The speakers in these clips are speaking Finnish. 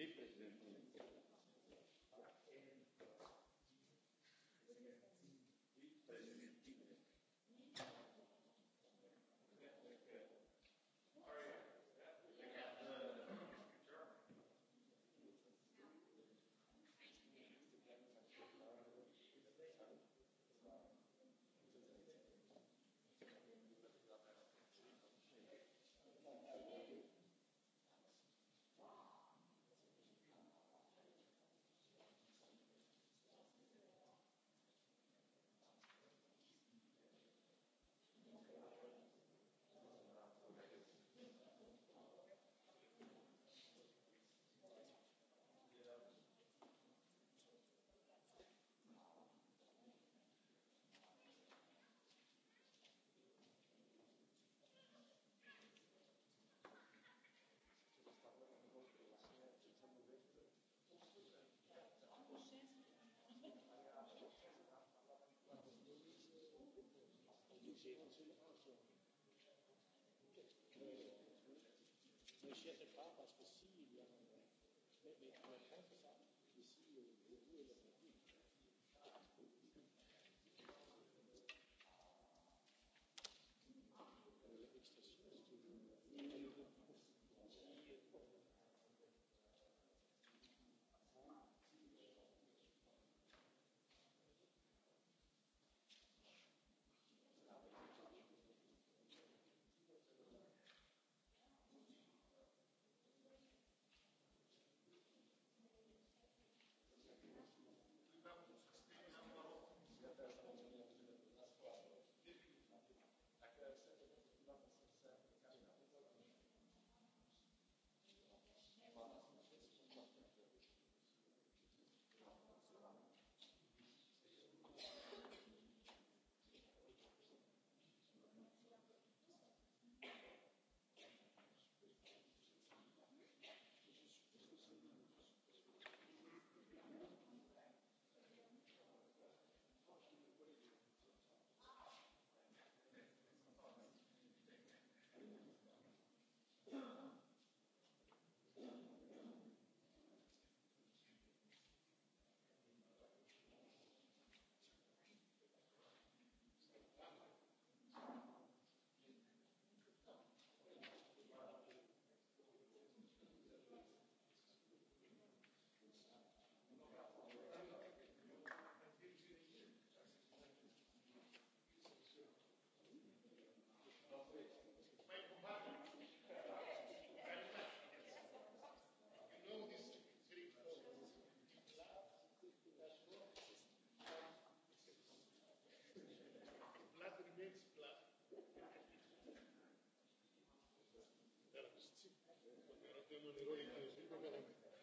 de președinte. Siete Papas, Basilia,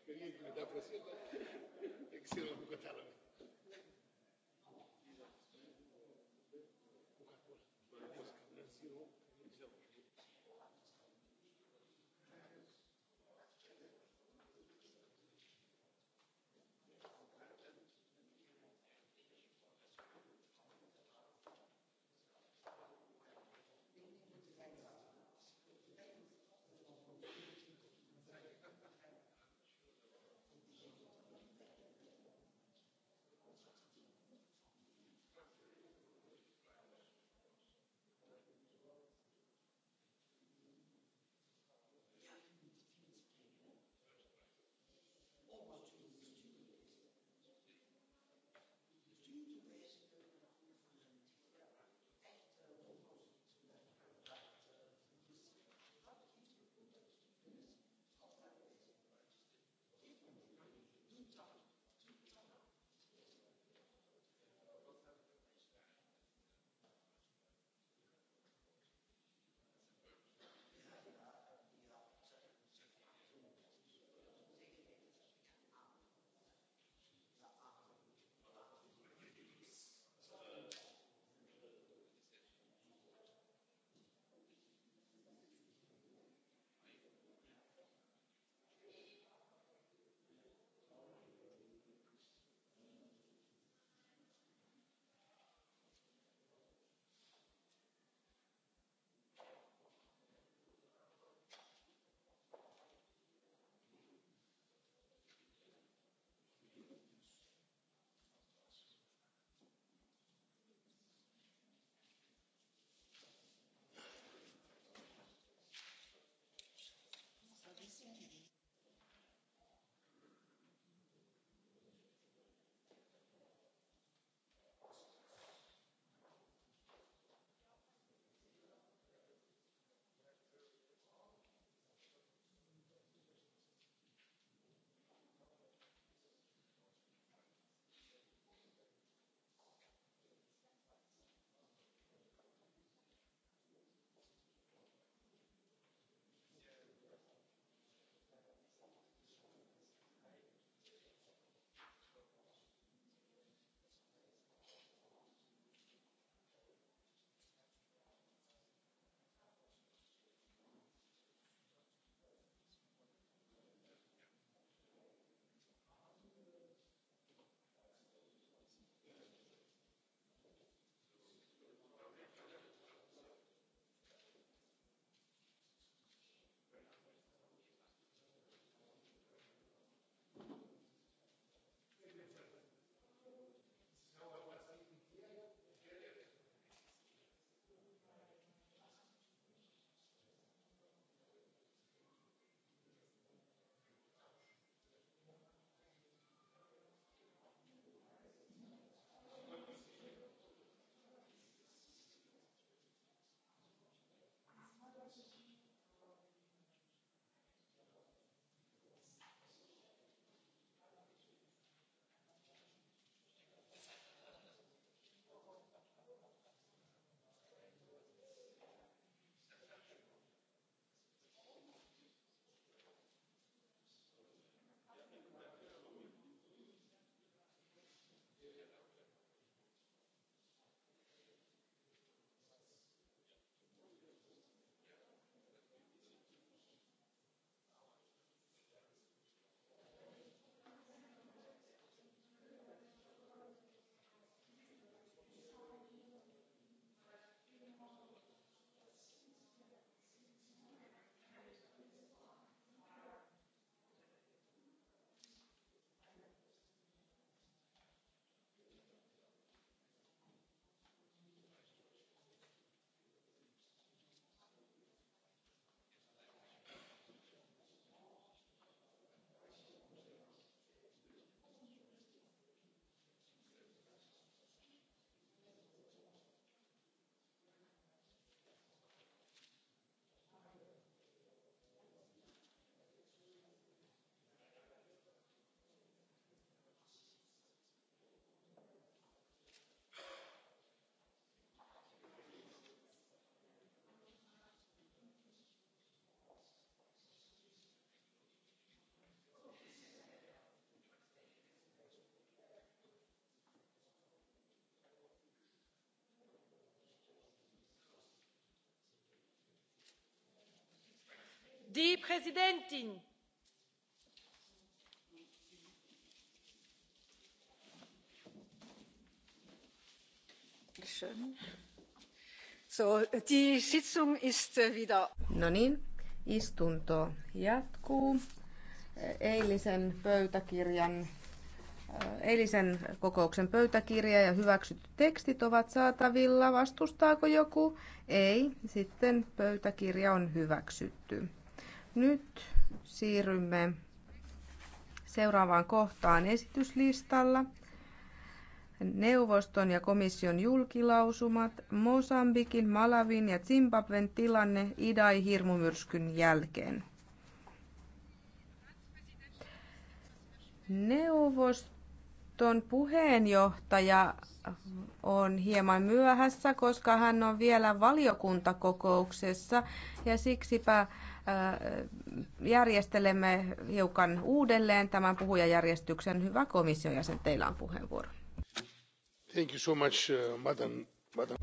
E Excellent. die präsidentin! die sitzung ist äh, wieder. no niin istunto jatkuu. Äh, eilisen pöytäkirjan äh, eilisen kokouksen pöytäkirja ja hyväksytyt tekstit ovat saatavilla. Vastustaako joku? Ei. Sitten pöytäkirja on hyväksytty. Nyt siirrymme seuraavaan kohtaan esityslistalla. Neuvoston ja komission julkilausumat, Mosambikin, Malavin ja Zimbabwen tilanne Idai-hirmumyrskyn jälkeen. Neuvoston puheenjohtaja on hieman myöhässä, koska hän on vielä valiokuntakokouksessa ja siksipä järjestelemme hiukan uudelleen tämän puhujajärjestyksen. Hyvä komission jäsen, teillä on puheenvuoro. Thank you so much, uh, madam, madam.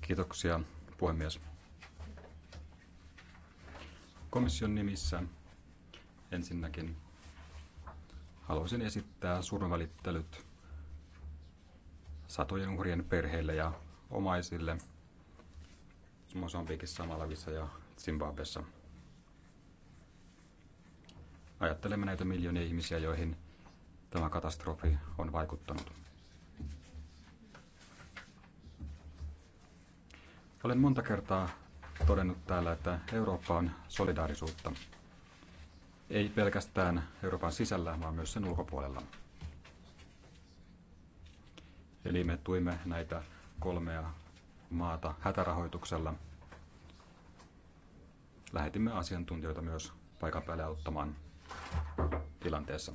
Kiitoksia, puhemies. Komission nimissä ensinnäkin haluaisin esittää surmavälittelyt satojen uhrien perheille ja omaisille Mosambikissa, Malavissa ja Zimbabwessa ajattelemme näitä miljoonia ihmisiä, joihin tämä katastrofi on vaikuttanut. Olen monta kertaa todennut täällä, että Eurooppa on solidaarisuutta. Ei pelkästään Euroopan sisällä, vaan myös sen ulkopuolella. Eli me tuimme näitä kolmea maata hätärahoituksella. Lähetimme asiantuntijoita myös paikan päälle auttamaan tilanteessa.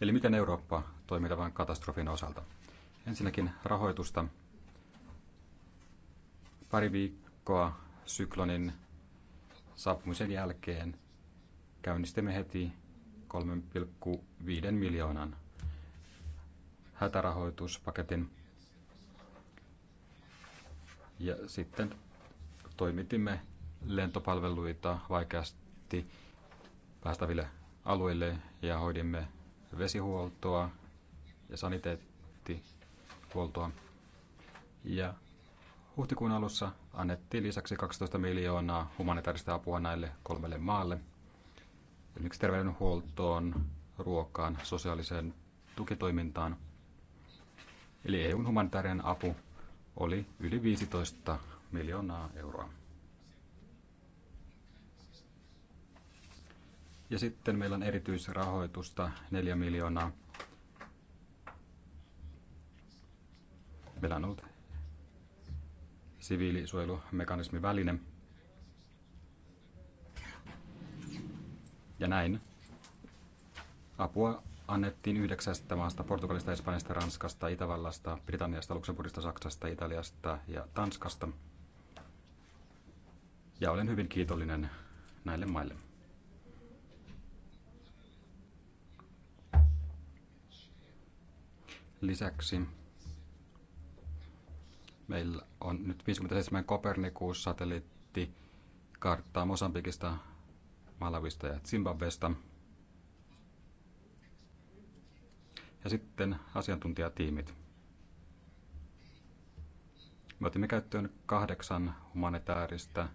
Eli miten Eurooppa toimii tämän katastrofin osalta? Ensinnäkin rahoitusta. Pari viikkoa syklonin saapumisen jälkeen käynnistimme heti 3,5 miljoonan hätärahoituspaketin. Ja sitten toimitimme lentopalveluita vaikeasti päästäville alueille ja hoidimme vesihuoltoa ja saniteettihuoltoa. Ja huhtikuun alussa annettiin lisäksi 12 miljoonaa humanitaarista apua näille kolmelle maalle. Esimerkiksi terveydenhuoltoon, ruokaan, sosiaaliseen tukitoimintaan. Eli EUn humanitaarinen apu oli yli 15 miljoonaa euroa. Ja sitten meillä on erityisrahoitusta 4 miljoonaa. Meillä on ollut siviilisuojelumekanismin väline. Ja näin. Apua annettiin yhdeksästä maasta, Portugalista, Espanjasta, Ranskasta, Itävallasta, Britanniasta, Luxemburgista, Saksasta, Italiasta ja Tanskasta. Ja olen hyvin kiitollinen näille maille. Lisäksi meillä on nyt 57 Kopernikus-satelliitti karttaa Mosambikista, Malavista ja Zimbabvesta. Ja sitten asiantuntijatiimit. Me otimme käyttöön kahdeksan humanitaarista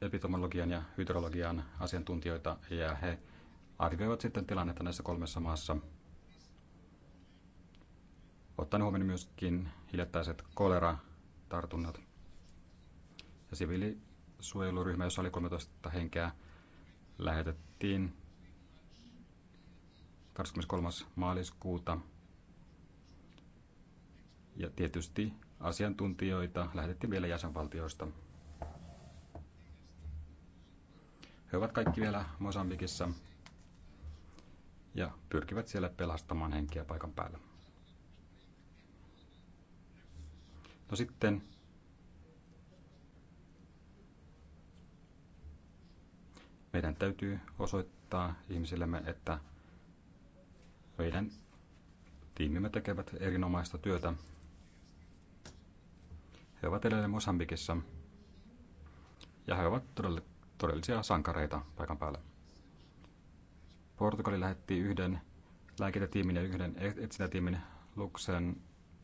epitomologian ja hydrologian asiantuntijoita ja he arvioivat sitten tilannetta näissä kolmessa maassa, ottaen huomioon myöskin hiljattaiset koleratartunnat. Ja siviilisuojeluryhmä, jossa oli 13 henkeä, lähetettiin 23. maaliskuuta. Ja tietysti asiantuntijoita lähetettiin vielä jäsenvaltioista. He ovat kaikki vielä Mosambikissa ja pyrkivät siellä pelastamaan henkiä paikan päällä. No sitten meidän täytyy osoittaa ihmisillemme, että meidän tiimimme tekevät erinomaista työtä. He ovat edelleen Mosambikissa ja he ovat todellisia sankareita paikan päällä. Portugali lähetti yhden lääkintätiimin ja yhden e-, etsintätiimin Luksen